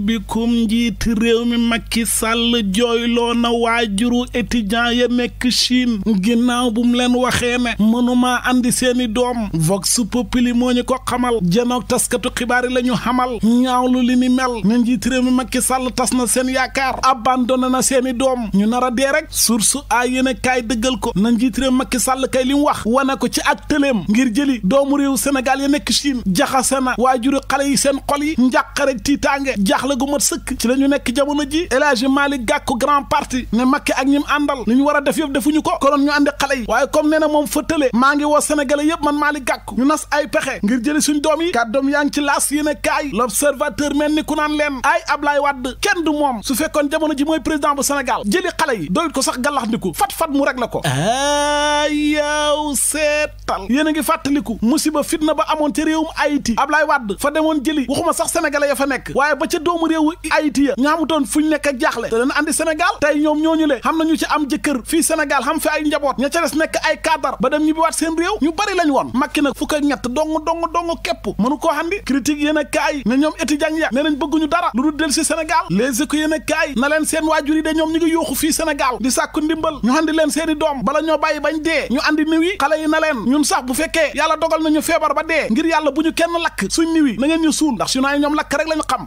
bikum njiiti réew mi Macky Sall jooyloo na waajuru étudiant ya nekk Chine ginnaaw bu mu leen waxee ne mënumaa andi seeni doom vox populi moo ñu ko xamal janoog taskatu xibaar yi la ñu xamal ñaawlu li ni mel ne njiiti réew mi Macky Sall tas na seen yaakaar a abandonné na seeni doom ñu nar a dee rek source a yéen kaay dëggal ko na njiiti réew Macky Sall kay li wax wane ko ci ak tëleem ngir jëli doomu réew Sénégal ya nekk Chine jaxase na waajuru jaaxle gu ci la ñu nekk jamono ji El Hadji Malick Gakou grand parti ne Macky ak ñim àndal li ñu war a def yëpp defuñu ko konoon ñu àndi xale yi waaye comme nee na moom fëttale maa ngi woo sénégalais yëpp man Malick Gakou ñu nas ay pexe ngir jëli suñ doom yi kàddoom yaa ngi ci laas yéen a kaay l'observateur mel ni ku naan leen ay Ablaye Wade kenn du moom su fekkoon jamono ji mooy président bu Sénégal jëli xale yi doyut ko sax gàllax ndiku fat-fat mu rek la ko ayaw seetal yéen a ngi fàttaliku musiba fitna ba amoon ca réewum Haïti Ablaye Wade fa demoon jëli waxuma sax sénégalais ya fa nekk doomu réewu Haïti ya ña xamutoon fuñ nekk ak jaaxle te dana andi Sénégal tey ñoom ñooñu le xam na ñu ci am jëkkër fii Sénégal xam fi ay njaboot ña ca des ba dem ñibbi waat seen réew ñu bari lañ woon makki nag fukk ak ñett dong dong dong képp mënu koo xandi critique yéen a kaay ne ñoom étudiant ya ne nañ bëgguñu dara lu dul del si Sénégal les éco yéen a kaay na leen seen waajur yi de ñoom ñu ngi yuuxu fii Sénégal di sàkku ndimbal ñu andi leen seeni doom bala ñoo bàyyi bañ dee ñu andi niw yi xale yi na leen ñun sax bu fekkee yàlla dogal nañu feebar ba dee ngir yàlla bu ñu kenn lakk suñ niw yi na ngeen ñu suul ndax su naa ñoom lakk rek lañu xam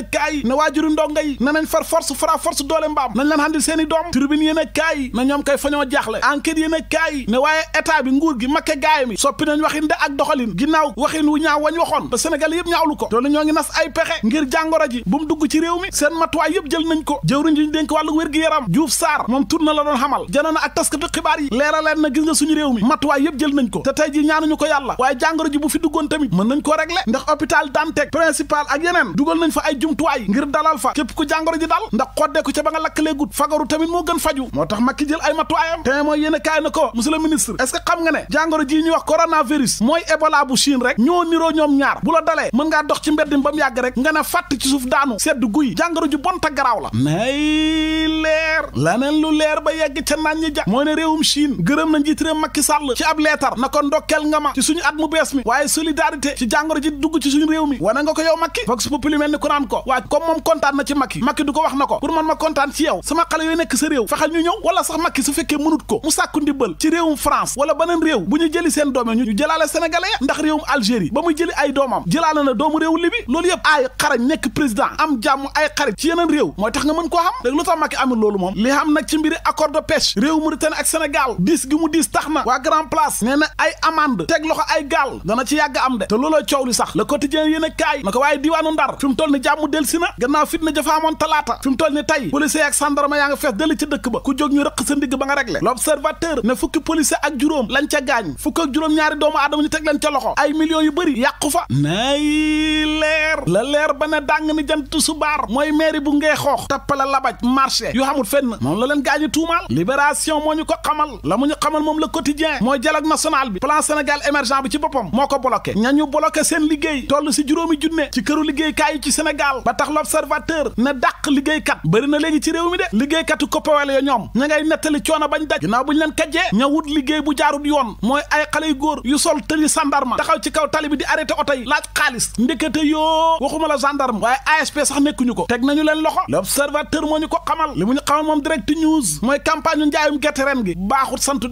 a kaay na waajuru ndongo yi na nañ far force fra force doole mbaam nañ leen handil seen i doom tribune yéen a kaay na ñoom kay fa ñoo jaaxle enquête yéen a kaay ne waaye état nguur gi makke gaay mi soppi nañ waxin de ak doxalin ginnaaw waxin wu ñaaw wañ waxoon ba sénégal yëpp ñaawlu ko doolu ñoo ngi nas ay pexe ngir jàngoro ji bu mu dugg ci réew mi seen matuwaay yëpp jël nañ ko jëwriñ ji ñu dénk wàllu na la doon xamal janoon na ak taskatu xibaar yi leeraleen na gis nga suñu réew jël nañ ko te tey ji ñaanuñu ko yàlla waaye jàngoro ji bu fi duggoon tamit mën nañ ko régler ndax hôpital Dantec principal ak yeneen fa ay jumtuwaay ngir dalal fa képp ku jàngoro ji dal ndax xoddeeku ca ba nga lakkalee fagaru tamit moo gën faju moo tax Macky jël ay matuwaayam te mooy yéen a ko monsieur ministre est-ce nga ne jàngoro jii ñuy wax coronavirus mooy Ebola bu Chine rek ñoom ñaar bu dalee mën ngaa dox ci mbedd mi ba yàgg rek nga ne fàtt ci suuf daanu sedd guy jàngoro ju bon ta garaaw la nay lu leer ba yegg ca naan ñi ja mooy ne réewum Chine gërëm ko waaye comme moom kontaan na ci Macky Macky du ko wax na ko pour man ma kontaan ci yow sama xale yooyu nekk sa réew fexeel ñu ñëw wala sax Macky su fekkee mënut ko mu sàkku ndimbal ci réewum France wala beneen réew bu ñu jëli seen doome ñu jëlaale sénégalais ndax réewum Algérie ba muy jëli ay doomam jëlaale na doomu réewu Libye loolu yëpp ay xarañ nekk président am jàmm ay xarit ci yeneen réew mooy tax nga mën koo xam léegi lu tax Macky amul loolu moom a kaay jàmm del si na gannaaw fitna jafa amoon talaata fi mu toll ni tey policier ak sandarma yaa nga fees dal ci dëkk ba ku jóg ñu rëq sa ba nga réglé l'observateur ne fukki policier ak juróom lañ ca gaañ fukk ak juróom ñaari doomu aadama ñu teg leen ca loxo ay millions yu bëri yàqu fa nay leer la leer ba ne dàng ni jant su baar mooy mairie bu ngee xoox tappala labaj marché yu xamul fenn moom la leen gaañu tuumaal libération moo ñu ko xamal la mu ñu xamal moom le quotidien mooy dialogue national bi plan Sénégal émergent bi ci boppam moo ko bloqué ñañu bloqué seen liggéey toll si juróomi junne ci këru liggéeykaay yi ci Sénégal Sénégal ba tax l'observateur ne dàq liggéeykat bëri na léegi ci réew mi de liggéeykatu koppawel ya ñoom ña ngay nettali coono bañ daj ginnaaw buñ leen kajjee ña wut liggéey bu jaarut yoon mooy ay xale yu góor yu sol tëli sandarma taxaw ci kaw tali di arrêté oto yi laaj xaalis ndekete yoo waxuma la waaye ASP sax nekkuñu ko teg nañu leen loxo l'observateur moo ñu ko xamal li ñu xamal moom direct news mooy campagne njaayum gerte ren gi baaxut santut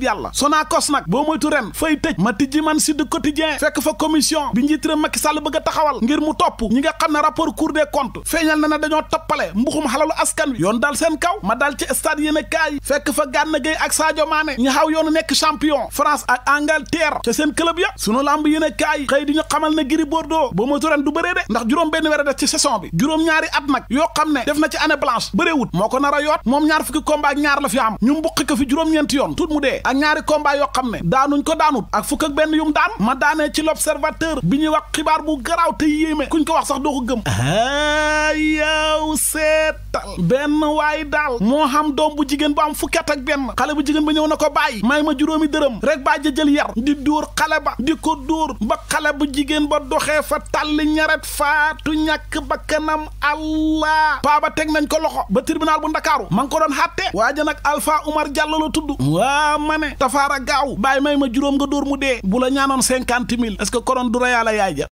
a compte feeñal na ne dañoo toppale mbuxum xalalu askan wi yoon dal seen kaw ma dal ci stade yéen a kaay fekk fa gànna Gueye ak Sadio Mané ñu xaw yoonu nekk champion France ak Angleterre ca seen club ya sunu lamb yéen a kaay xëy di ñu xamal ne Gris Bordeaux ba moytu du bëree de ndax juróom benn weer a def ci saison bi juróom ñaari at nag yoo xam ne def na ci année blanche bëreewut moo ko nar a yoot moom ñaar fukki combat ak ñaar la fi am ñu mbuqi ko fi juróom yoon tut mu dee ak ñaari combat yoo xam ne daanuñ ko daanut ak fukk ak benn daan ma daanee ci l'observateur bi ñuy wax xibaar bu garaaw ko wax sax doo ko gëm ah. yow seetal benn waay daal moo xam doom bu jigéen bu am fu fukkat ak benn xale bu jigéen ba ñëw na ko bàyyi may ma juróomi dërëm rek baa jël yar di dóor xale ba di ko dóor ba xale bu jigéen ba doxee fa tàlli ñaret faatu ñàkk bakkanam allah paaba teg nañ ko loxo ba tribunal bu ndakaaru ma ngi ko doon xàtte waa ja nag Alpha Umar Diallo la tudd waa ma ne tafaara gaaw bàyyi may ma juróom nga dóor mu dee bu la ñaanoon cinquante mille est-ce que koroon du reyaala yaay ja